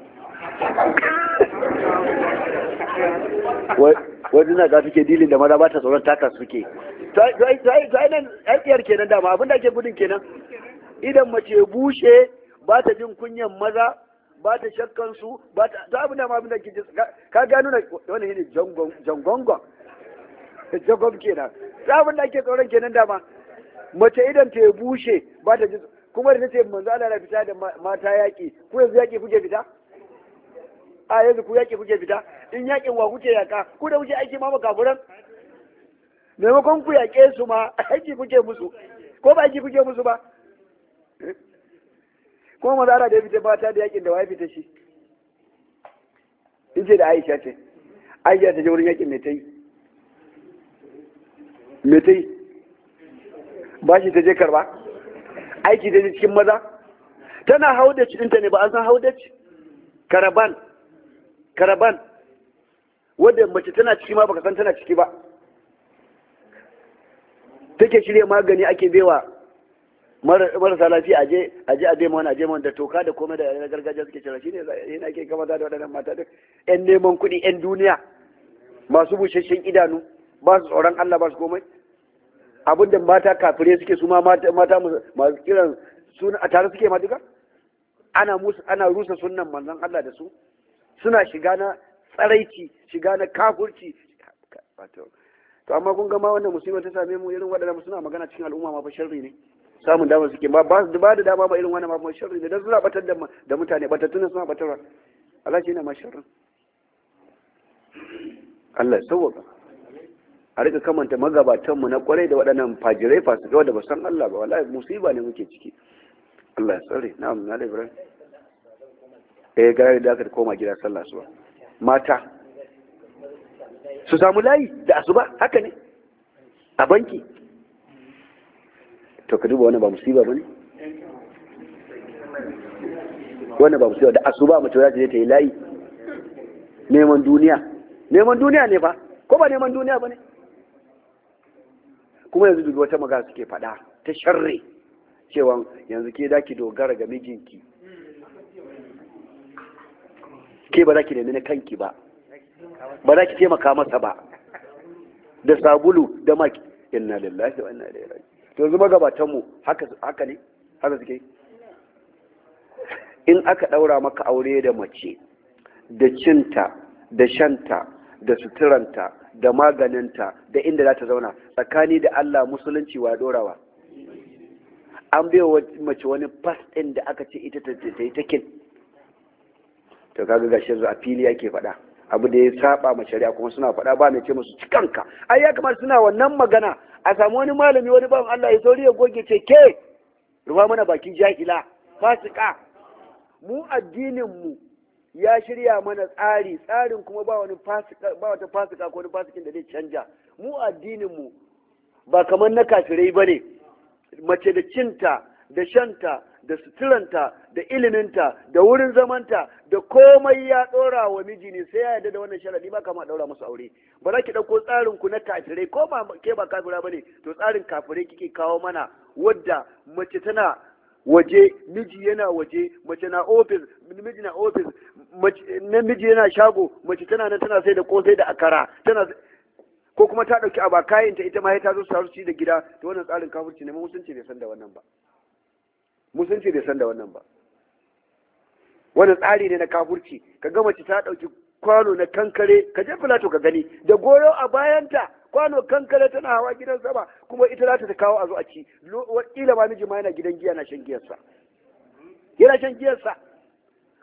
wajen na gafi ke dilin da maza ba ta tsoron taka suke ta nan yarkiyar kenan dama abin da ke gudun kenan idan mace bushe ba ta jin kunyan maza ba ta shakkan su ba ta ta abin da ma abin da ke ka gano na wani ne jangongon jangon kenan ta abin da ke tsoron kenan dama mace idan ta bushe ba ta jin kuma da ta ce manzo Allah na fita da mata yaƙi Kuma yanzu yaƙi kuke fita a yanzu ku yaƙi kuke fita in yaƙin wa kuke yaƙa ku da kuke aiki ma kafuran maimakon ku yaƙe su ma aiki kuke musu ko ba aiki kuke musu ba eh? kuma mazara da ya fita ba ta da yaƙin da wa ya fita shi in ce da aisha ce aisha ta je wurin yaƙin mai ta yi mai ta yi ba shi ta je karba aiki ta je cikin maza tana haudaci ɗinta ne ba an san haudaci karaban karaban wadda mace tana ciki ma baka san tana ciki ba take shirya magani ake baiwa marasa lafiya aje aje a daima wani aje mana da toka da komai da yanayin gargajiya suke cewa shine yana ke kama da waɗannan mata duk yan neman kuɗi yan duniya masu bushashen idanu ba su tsoron Allah ba su komai abin da mata kafirai suke su ma mata masu kiran suna a tare suke ma duka ana musu ana rusa sunan manzon Allah da su suna shiga na tsaraici shiga na kafurci to amma kun gama wannan musulma ta same mu irin waɗannan suna magana cikin al'umma ma fa sharri ne samun dama suke ba ba da dama ba irin wannan ma fa sharri ne dan suna batar da mutane batattun suna batarwa Allah shi ne ma sharri Allah ya sauwaka a rika kamanta magabatanmu na kwarai da waɗannan fajirai fasu da ba san Allah ba wallahi musiba ne muke ciki Allah ya tsare na'am na Ibrahim yi gari da aka koma gida sallah su mata su samu layi da asuba haka ne a banki to ka duba wani ba musiba ne wani ba musiba da asuba mace za ta ta yi layi neman duniya neman duniya ne ba? ko ba neman duniya bane kuma yanzu dubi wata magana suke faɗa ta sharri cewa yanzu ke daki dogara ga mijinki ke ba za ki nemi na kanki ba ba za ki taimaka masa ba da sabulu da maki inna lillahi wa inna ilaihi raji to yanzu magabatan mu haka ne haka suke in aka ɗaura maka aure da mace da cinta da shanta da suturanta da maganinta da inda za ta zauna tsakani da Allah musulunci wa dorawa an bai wa mace wani fas ɗin da aka ce ita ta yi to kaga gashi yanzu a fili yake faɗa abu da ya saba ma shari'a kuma suna faɗa ba mai ce musu cikanka ai ya kamata suna wannan magana a samu wani malami wani bawan Allah ya sauri ya goge ce ke ruwa mana baki jahila fasika mu addinin mu ya shirya mana tsari tsarin kuma ba wani fasika ba wata fasika ko wani fasikin da zai canja mu addinin mu ba kamar na kafirai bane mace da cinta da shanta da suturanta da iliminta da wurin zamanta da komai ya ɗora wa miji ne sai ya yarda da wannan sharadi ba kama ɗaura masu aure ba za ki ɗauko tsarin ku na kafirai ko ma ke ba kafira ba ne? to tsarin kafirai kike kawo mana wadda mace tana waje miji yana waje mace na ofis miji na ofis miji yana shago mace tana nan tana sai da kosai da akara tana ko kuma ta ɗauki abakayinta ita ma ya ta zo su da gida to wannan tsarin kafirci ne musulunci bai san da wannan ba musulunci bai san da wannan ba wani tsari ne na kafurci ka ga mace ta ɗauki kwano na kankare ka je filato ka gani da goyo a bayanta kwano kankare tana hawa gidan sama kuma ita za ta kawo a zo a ci wakila ma miji ma yana gidan giya na shan giyarsa yana shan giyarsa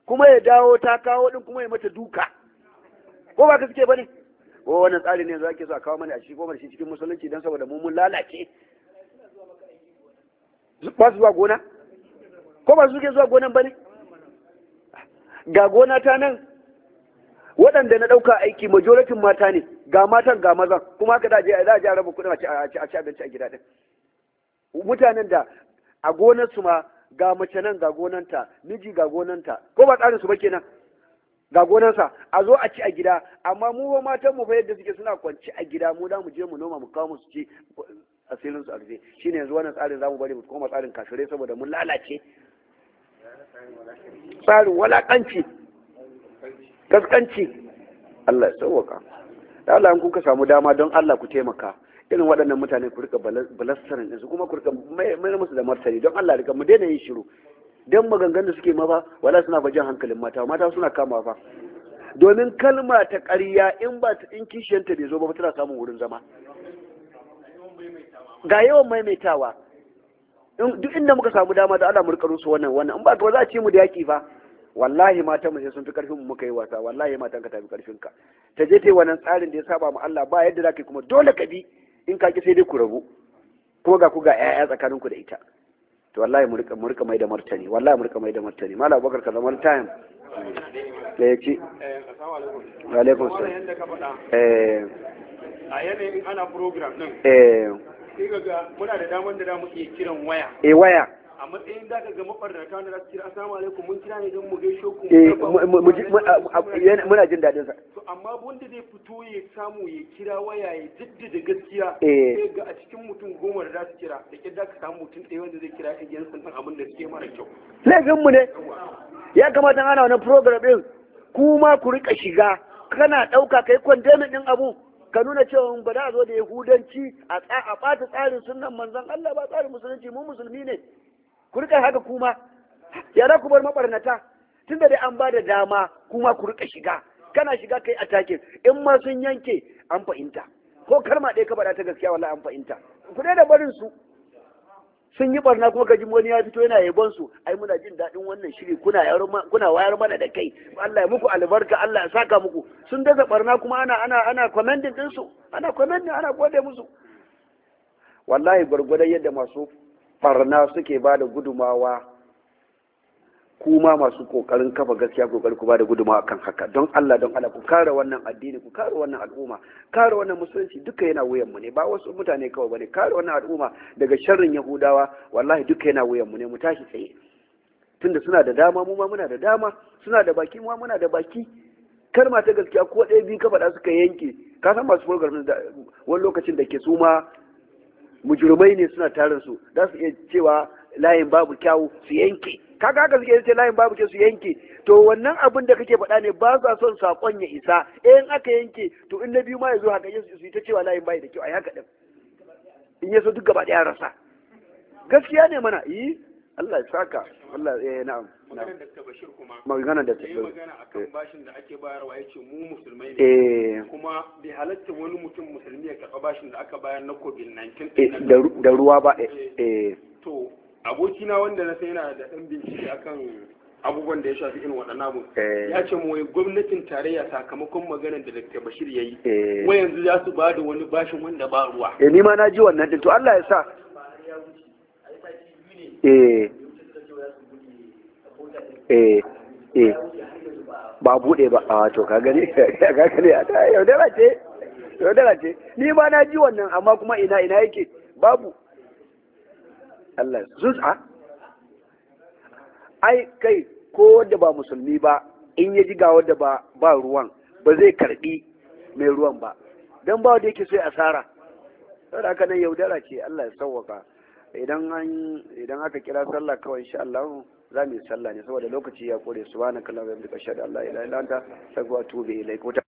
kuma ya dawo ta kawo din kuma ya mata duka ko ba ka suke bane ko wannan tsari ne za ke so a kawo mana a shi ko shi cikin musulunci don saboda mu mun lalace ba su zuwa gona ko ba suke zuwa gonan ba ne ga gona ta nan waɗanda na ɗauka aiki majoratin mata ne ga matan ga mazan kuma haka da za a ji a raba kuɗin a ci abinci a gida ɗin mutanen da a su ma ga mace nan ga gonanta miji ga gonanta ko ba tsarin su ba kenan ga sa. a zo a ci a gida amma mu ba matan mu fa yadda suke suna kwanci a gida mu da mu je mu noma mu kawo musu ci asirin su Shi shine yanzu wannan tsarin zamu bari mu koma tsarin kashure saboda mun lalace tsarin walaƙanci ƙasƙanci. Allah ya sauwaka da Allah in kuka samu dama don Allah ku taimaka irin waɗannan mutane ku rika balastarin kuma ku rika mai musu da martani don Allah rika mu daina yin shiru don maganganu da suke ma wala suna bajin hankalin mata mata suna kama ba domin kalma ta ƙarya in ba ta in kishiyanta bai zo ba tana samun wurin zama ga yawan maimaitawa duk inda muka samu dama da Allah mu su wannan wannan in ba to za a ce mu da yaki fa wallahi matan mu sai sun fi karfin mu muka yi wasa wallahi matan ka tafi karfin ka ta je ta yi wannan tsarin da ya saba mu Allah ba yadda zaka kuma dole ka bi in ka ki sai dai ku rabu kuma ga ku ga ƴaƴa tsakanin ku da ita to wallahi mu rika mu rika mai da martani wallahi mu rika mai da martani malam Abubakar ka zaman time da ya ci wa alaikum salam eh, eh. a yanayin ana program din eh sai ga muna da damar da za mu iya kiran waya E waya a matsayin da ka ga mafarnata da za su kira assalamu alaikum mun kira ne don mu gaishe ku eh, muna jin daɗin sa to amma wanda zai fito ya samu ya kira waya ya jaddada gaskiya E ga a cikin mutum goma da za su kira da kin da ka samu mutum ɗaya wanda zai kira ɗin yansan ɗin abin da suke mara kyau laifin mu ne ya kamata ana wani program ɗin kuma ku riƙa shiga kana ɗauka kai kwandemin ɗin abu ka nuna cewa ba da zo da yahudanci a a bata tsarin sunnan manzon Allah ba tsarin musulunci mu musulmi ne ku rika haka kuma ya za ku bar mabarnata tunda dai an bada dama kuma ku rika shiga kana shiga kai attacking in ma sun yanke an fahimta ko karma ɗaya ka faɗa ta gaskiya wallahi an fahimta ku da barin su sun yi barna kuma kaji wani ya fito yana yabon su ai muna jin daɗin wannan shiri kuna kuna wayar mana da kai Allah ya muku albarka Allah ya saka muku sun dasa barna kuma ana ana ana commending din su ana commending ana gode musu wallahi gwargwadon yadda masu barna suke ba da gudumawa kuma masu kokarin kafa gaskiya kokari ku bada guduma akan haka don Allah don Allah ku kare wannan addini ku kare wannan al'umma kare wannan musulunci duka yana wuyan mu ne ba wasu mutane kawai bane kare wannan al'umma daga sharrin yahudawa wallahi duka yana wuyan mu ne mu tashi tsaye tunda suna da dama mu ma muna da dama suna da baki mu ma muna da baki Kar ma ta gaskiya ko ɗaya biyu ka faɗa suka yanke ka san masu program da wani lokacin da ke su ma mujurmai ne suna tarin su za su iya cewa layin babu kyawu su yanke kaga haka suke yace layin babu ke su yanke to wannan abin da kake faɗa ne ba sa son sakon ya isa eh, in aka yanke to in na biyu ma ya zo haka su yi ta cewa layin bai da kyau ai haka din in ya so duk gaba ɗaya rasa gaskiya ne mana yi Allah ya saka Allah ya eh, yi na'am maganar da ta bashir kuma maganar da ta bashir magana akan eh. bashin da ake bayarwa yace mu musulmai ne kuma bai halatta wani mutum musulmi ya karɓa bashin da aka bayar na covid-19 da ruwa ba eh to abokina wanda na sai yana da ɗan bincike akan abubuwan da ya shafi irin waɗannan abu eh. ya ce mu gwamnatin tarayya sakamakon maganar da Dr. Bashir ya yi eh. wa yanzu za su ba da wani bashin wanda ba ruwa eh ni ma na ji wannan din to Allah ya sa eh eh eh ba bude ba a ah, to ka gani ka gani yaudara ce yaudara ni ma na ji wannan amma kuma ina ina yake babu Allah zuz'a ai kai ko wanda ba musulmi ba in ya ji ga wanda ba ba ruwan ba zai karbi mai ruwan ba dan ba wanda yake so ya asara saboda haka nan yaudara ce Allah ya sauwaka idan an idan aka kira sallah kawai insha Allah za mu yi sallah ne saboda lokaci ya kore allahumma wa bihamdika ashhadu an la ilaha illa anta astaghfiruka wa atubu ilaik